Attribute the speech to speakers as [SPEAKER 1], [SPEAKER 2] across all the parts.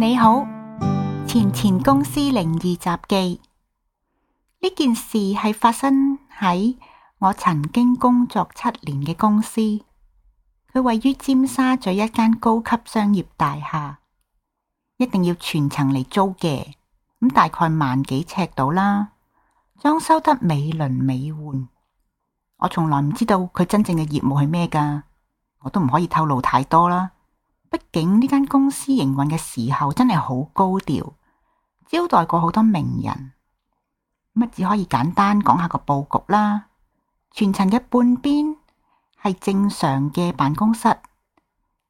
[SPEAKER 1] 你好，前前公司靈異雜記呢件事係發生喺我曾經工作七年嘅公司，佢位於尖沙咀一間高級商業大廈，一定要全層嚟租嘅，咁大概萬幾尺度啦，裝修得美輪美奐，我從來唔知道佢真正嘅業務係咩㗎，我都唔可以透露太多啦。畢竟呢間公司營運嘅時候真係好高調，招待過好多名人。咁只可以簡單講下個佈局啦。全層嘅半邊係正常嘅辦公室，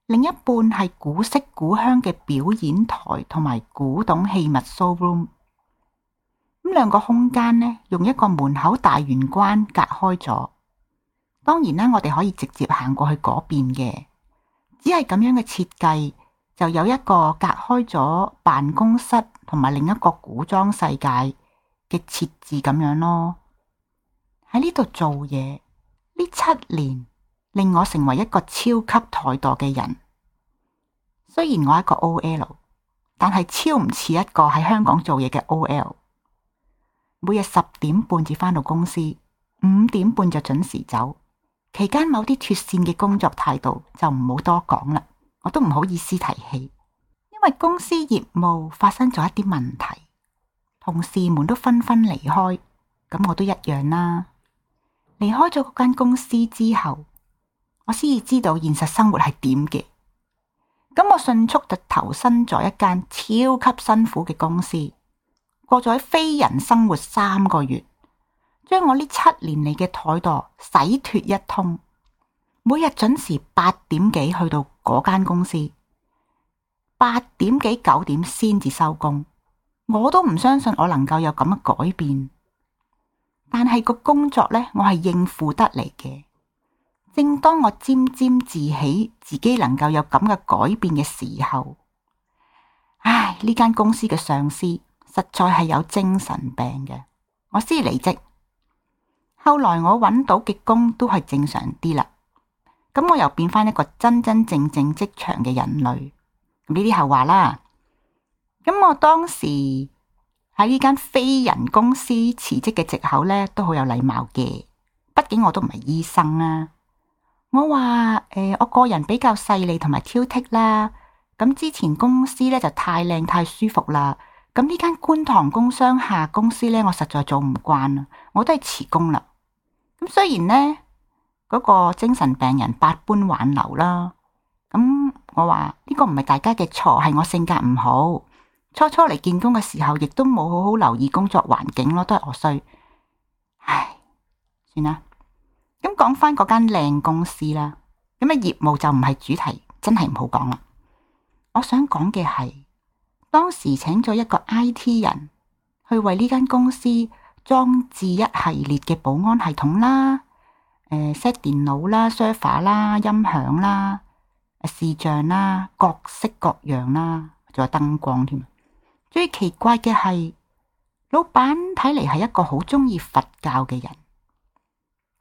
[SPEAKER 1] 另一半係古色古香嘅表演台同埋古董器物 showroom。咁兩個空間呢，用一個門口大玄關隔開咗。當然啦，我哋可以直接行過去嗰邊嘅。只係咁樣嘅設計，就有一個隔開咗辦公室同埋另一個古裝世界嘅設置咁樣咯。喺呢度做嘢呢七年，令我成為一個超級怠惰嘅人。雖然我係一個 O L，但係超唔似一個喺香港做嘢嘅 O L。每日十點半至返到公司，五點半就準時走。期間某啲脫線嘅工作態度就唔好多講啦，我都唔好意思提起，因為公司業務發生咗一啲問題，同事們都紛紛離開，咁我都一樣啦。離開咗嗰間公司之後，我先至知道現實生活係點嘅，咁我迅速就投身咗一間超級辛苦嘅公司，過咗喺非人生活三個月。將我呢七年嚟嘅怠惰洗脱一通，每日準時八點幾去到嗰間公司，八點幾九點先至收工。我都唔相信我能夠有咁嘅改變，但係個工作咧，我係應付得嚟嘅。正當我沾沾自喜自己能夠有咁嘅改變嘅時候，唉，呢間公司嘅上司實在係有精神病嘅。我先離職。後來我揾到嘅工都係正常啲啦，咁我又變翻一個真真正正職場嘅人類，呢啲後話啦。咁我當時喺呢間非人公司辭職嘅藉口咧，都好有禮貌嘅，畢竟我都唔係醫生啊。我話誒、呃，我個人比較細膩同埋挑剔啦，咁之前公司咧就太靚太舒服啦。咁呢間觀塘工商下公司呢，我實在做唔慣啦，我都係辭工啦。咁雖然呢，嗰、那個精神病人百般挽留啦，咁我話呢、這個唔係大家嘅錯，係我性格唔好。初初嚟見工嘅時候，亦都冇好好留意工作環境咯，都係我衰。唉，算啦。咁講翻嗰間靚公司啦，咁啊業務就唔係主題，真係唔好講啦。我想講嘅係，當時請咗一個 I T 人去為呢間公司裝置一系列嘅保安系統啦，誒、呃、set 電腦啦、server 啦、音響啦、視像啦，各式各樣啦，仲有燈光添。最奇怪嘅係，老闆睇嚟係一個好中意佛教嘅人，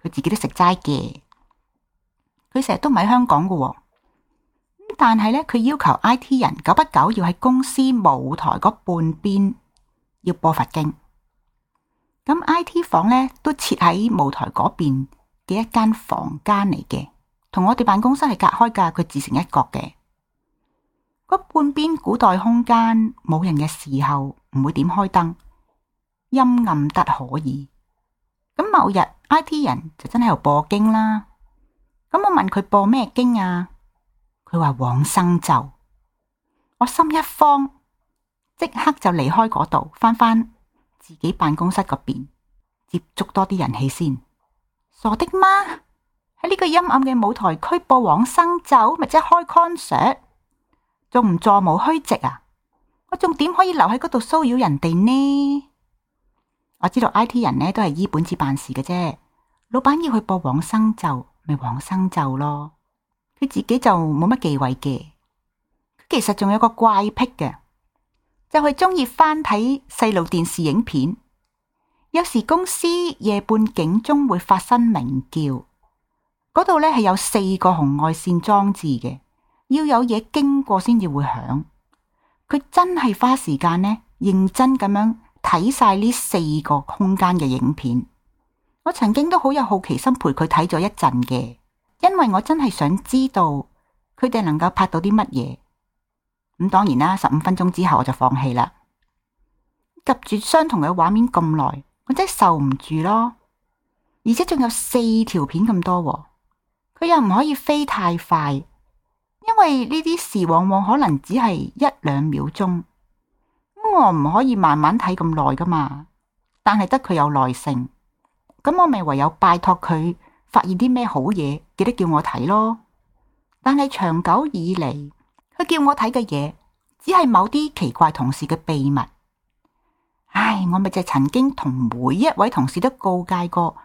[SPEAKER 1] 佢自己都食齋嘅，佢成日都唔喺香港噶、哦。但係咧，佢要求 IT 人久不久要喺公司舞台嗰半邊要播佛經。咁 IT 房咧都設喺舞台嗰邊嘅一間房間嚟嘅，同我哋辦公室係隔開噶，佢自成一角嘅。嗰半邊古代空間冇人嘅時候唔會點開燈，陰暗得可以。咁某日 IT 人就真係喺度播經啦。咁我問佢播咩經啊？佢話往生咒，我心一慌，即刻就離開嗰度，翻返自己辦公室嗰邊，接觸多啲人氣先。傻的嗎？喺呢個陰暗嘅舞台區播往生咒，咪即係開 concert，仲唔座無虛席啊？我仲點可以留喺嗰度騷擾人哋呢？我知道 IT 人呢都係依本子辦事嘅啫，老闆要去播往生咒，咪往生咒咯。佢自己就冇乜忌諱嘅，佢其實仲有個怪癖嘅，就係中意翻睇細路電視影片。有時公司夜半警鐘會發生鳴叫，嗰度咧係有四個紅外線裝置嘅，要有嘢經過先至會響。佢真係花時間呢認真咁樣睇晒呢四個空間嘅影片。我曾經都好有好奇心陪佢睇咗一陣嘅。因為我真係想知道佢哋能夠拍到啲乜嘢？咁當然啦，十五分鐘之後我就放棄啦。及住相同嘅畫面咁耐，我真係受唔住咯。而且仲有四條片咁多，佢又唔可以飛太快，因為呢啲事往往可能只係一兩秒鐘咁，我唔可以慢慢睇咁耐㗎嘛。但係得佢有耐性，咁我咪唯有拜託佢發現啲咩好嘢。記得叫我睇咯，但係長久以嚟，佢叫我睇嘅嘢，只係某啲奇怪同事嘅秘密。唉，我咪就曾經同每一位同事都告誡過，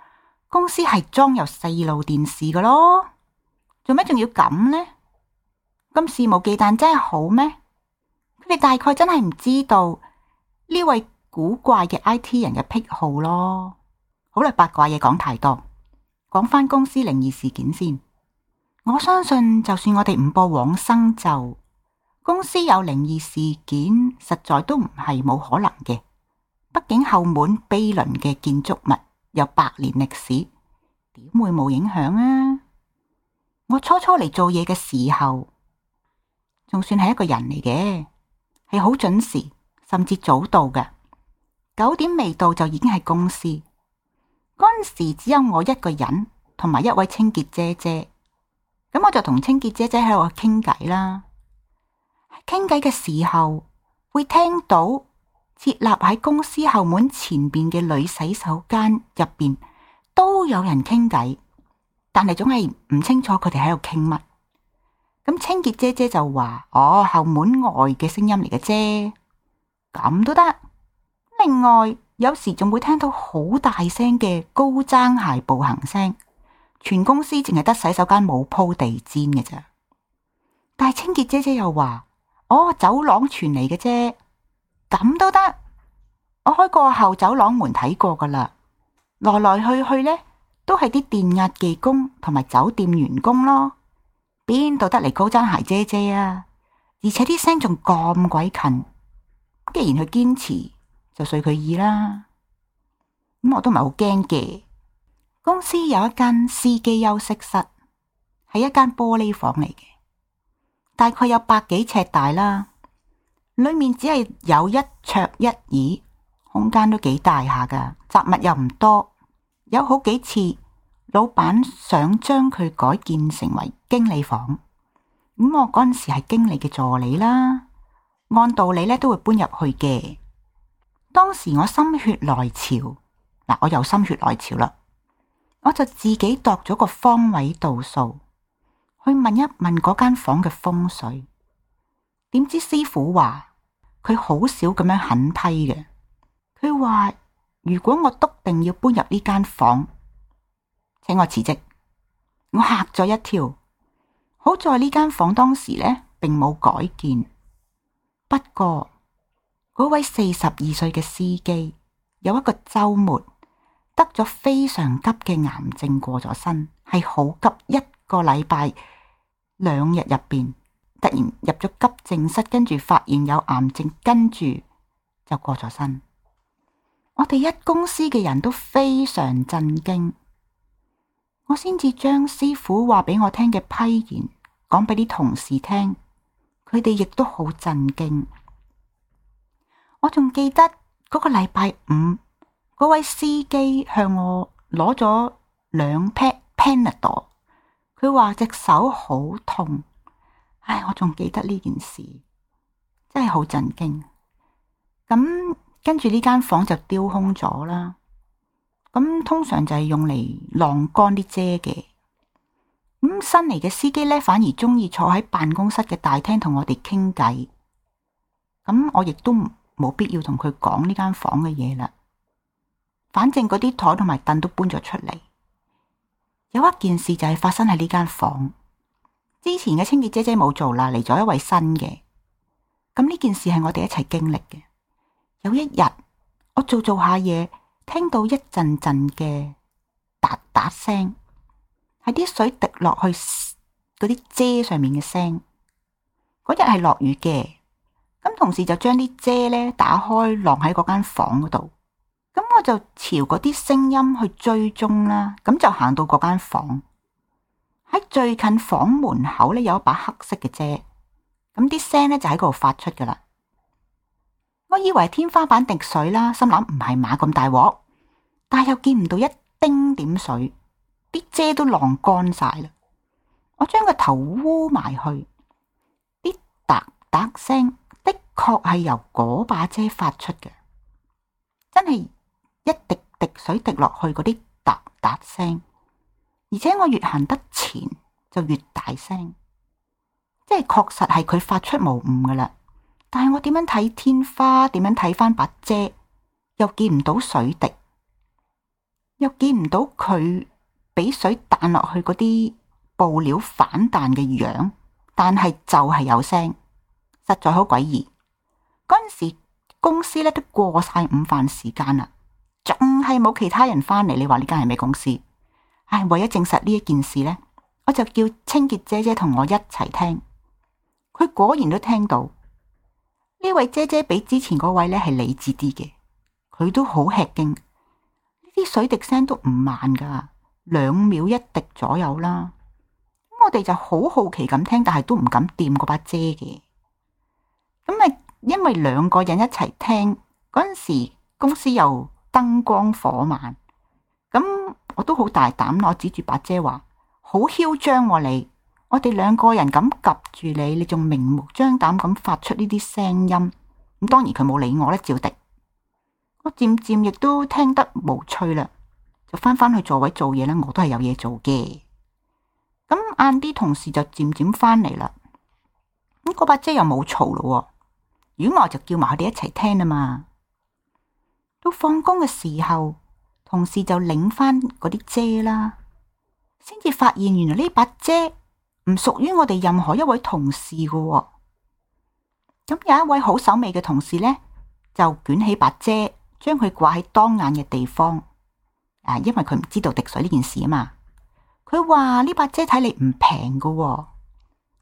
[SPEAKER 1] 公司係裝有四路電視嘅咯。做咩仲要咁呢？咁肆無忌憚真係好咩？佢哋大概真係唔知道呢位古怪嘅 IT 人嘅癖好咯。好啦，八卦嘢講太多。講翻公司靈異事件先，我相信就算我哋唔播往生咒，公司有靈異事件實在都唔係冇可能嘅。畢竟後門比鄰嘅建築物有百年歷史，點會冇影響啊？我初初嚟做嘢嘅時候，仲算係一個人嚟嘅，係好準時，甚至早到嘅，九點未到就已經係公司。嗰陣時只有我一個人，同埋一位清潔姐姐。咁我就同清潔姐姐喺度傾偈啦。傾偈嘅時候會聽到設立喺公司後門前邊嘅女洗手間入邊都有人傾偈，但係總係唔清楚佢哋喺度傾乜。咁清潔姐姐就話：哦，後門外嘅聲音嚟嘅啫，咁都得。另外。有時仲會聽到好大聲嘅高踭鞋步行聲，全公司淨係得洗手間冇鋪地氈嘅咋，但係清潔姐姐又話：哦，走廊傳嚟嘅啫，咁都得。我開過後走廊門睇過噶啦，來來去去呢都係啲電壓技工同埋酒店員工咯，邊度得嚟高踭鞋姐姐啊？而且啲聲仲咁鬼近，既然佢堅持。睡佢椅啦，咁、嗯、我都唔係好驚嘅。公司有一間司機休息室，係一間玻璃房嚟嘅，大概有百幾尺大啦。裏面只係有一桌一椅，空間都幾大下㗎，雜物又唔多。有好幾次老闆想將佢改建成為經理房，咁、嗯、我嗰陣時係經理嘅助理啦，按道理咧都會搬入去嘅。當時我心血來潮，嗱，我又心血來潮啦，我就自己度咗個方位度數，去問一問嗰間房嘅風水。點知師傅話佢好少咁樣狠批嘅，佢話如果我篤定要搬入呢間房，請我辭職，我吓咗一跳。好在呢間房當時咧並冇改建，不過。嗰位四十二歲嘅司機，有一個周末得咗非常急嘅癌症，過咗身，係好急，一個禮拜兩日入邊，突然入咗急症室，跟住發現有癌症，跟住就過咗身。我哋一公司嘅人都非常震驚，我先至將師傅話俾我聽嘅批言講俾啲同事聽，佢哋亦都好震驚。我仲記得嗰個禮拜五，嗰位司機向我攞咗兩 pair Panadol。佢話隻手好痛，唉，我仲記得呢件事，真係好震驚。咁跟住呢間房就丟空咗啦。咁通常就係用嚟晾乾啲遮嘅。咁新嚟嘅司機咧，反而中意坐喺辦公室嘅大廳同我哋傾偈。咁我亦都。冇必要同佢講呢間房嘅嘢啦，反正嗰啲台同埋凳都搬咗出嚟。有一件事就係發生喺呢間房，之前嘅清潔姐姐冇做啦，嚟咗一位新嘅。咁呢件事係我哋一齊經歷嘅。有一日，我做做下嘢，聽到一陣陣嘅嗒嗒聲，係啲水滴落去嗰啲遮上面嘅聲。嗰日係落雨嘅。咁，同時就將啲遮咧打開晾喺嗰間房嗰度。咁我就朝嗰啲聲音去追蹤啦。咁就行到嗰間房，喺最近房門口咧有一把黑色嘅遮。咁啲聲咧就喺嗰度發出噶啦。我以為天花板滴水啦，心諗唔係馬咁大鑊，但又見唔到一丁點水，啲遮都晾乾晒啦。我將個頭污埋去，啲嗒嗒聲。確係由嗰把遮發出嘅，真係一滴滴水滴落去嗰啲嗒嗒聲，而且我越行得前就越大聲，即係確實係佢發出無誤㗎喇。但係我點樣睇天花，點樣睇翻把遮，又見唔到水滴，又見唔到佢俾水彈落去嗰啲布料反彈嘅樣，但係就係有聲，實在好詭異。嗰陣時，公司咧都過晒午飯時間啦，仲係冇其他人翻嚟。你話呢間係咩公司？唉，為咗證實呢一件事呢，我就叫清潔姐姐同我一齊聽。佢果然都聽到，呢位姐姐比之前嗰位咧係理智啲嘅，佢都好吃驚。呢啲水滴聲都唔慢噶，兩秒一滴左右啦。咁我哋就好好奇咁聽，但係都唔敢掂嗰把遮嘅。咁咪？因為兩個人一齊聽嗰陣時，公司又燈光火猛，咁我都好大膽。我指住八姐話：好囂張喎你，我哋兩個人咁夾住你，你仲明目張膽咁發出呢啲聲音。咁當然佢冇理我咧，照敵。我漸漸亦都聽得無趣啦，就翻返去座位做嘢咧。我都係有嘢做嘅。咁晏啲同事就漸漸翻嚟啦。咁個八姐又冇嘈咯。雨外，就叫埋佢哋一齊聽啊嘛。到放工嘅時候，同事就領返嗰啲遮啦，先至發現原來呢把遮唔屬於我哋任何一位同事噶，哦。咁，嗯、有一位好手尾嘅同事咧，就捲起把遮，將佢掛喺當眼嘅地方。啊，因為佢唔知道滴水呢件事啊嘛。佢話呢把遮睇嚟唔平噶，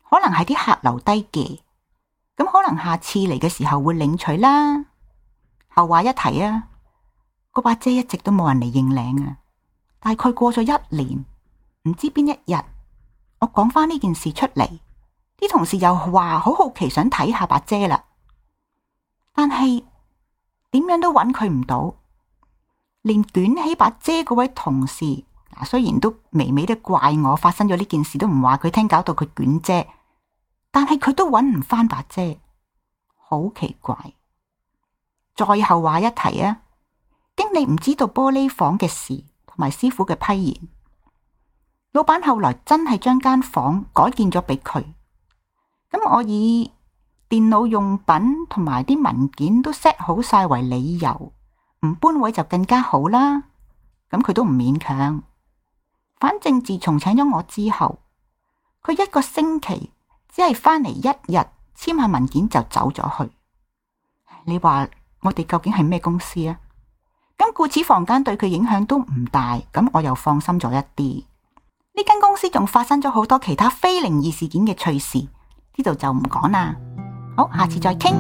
[SPEAKER 1] 可能係啲客留低嘅。咁可能下次嚟嘅時候會領取啦。後話一提啊，個把遮一直都冇人嚟認領啊。大概過咗一年，唔知邊一日，我講翻呢件事出嚟，啲同事又話好好奇想睇下把遮啦。但係點樣都揾佢唔到，連捲起把遮嗰位同事，嗱雖然都微微都怪我發生咗呢件事都唔話佢聽，搞到佢捲遮。但係佢都搵唔翻把遮，好奇怪。再後話一提啊，經理唔知道玻璃房嘅事，同埋師傅嘅批言。老闆後來真係將間房改建咗俾佢。咁我以電腦用品同埋啲文件都 set 好晒為理由，唔搬位就更加好啦。咁佢都唔勉強。反正自從請咗我之後，佢一個星期，只係返嚟一日簽下文件就走咗去，你話我哋究竟係咩公司啊？咁故此房間對佢影響都唔大，咁我又放心咗一啲。呢間公司仲發生咗好多其他非靈異事件嘅趣事，呢度就唔講啦。好，下次再傾。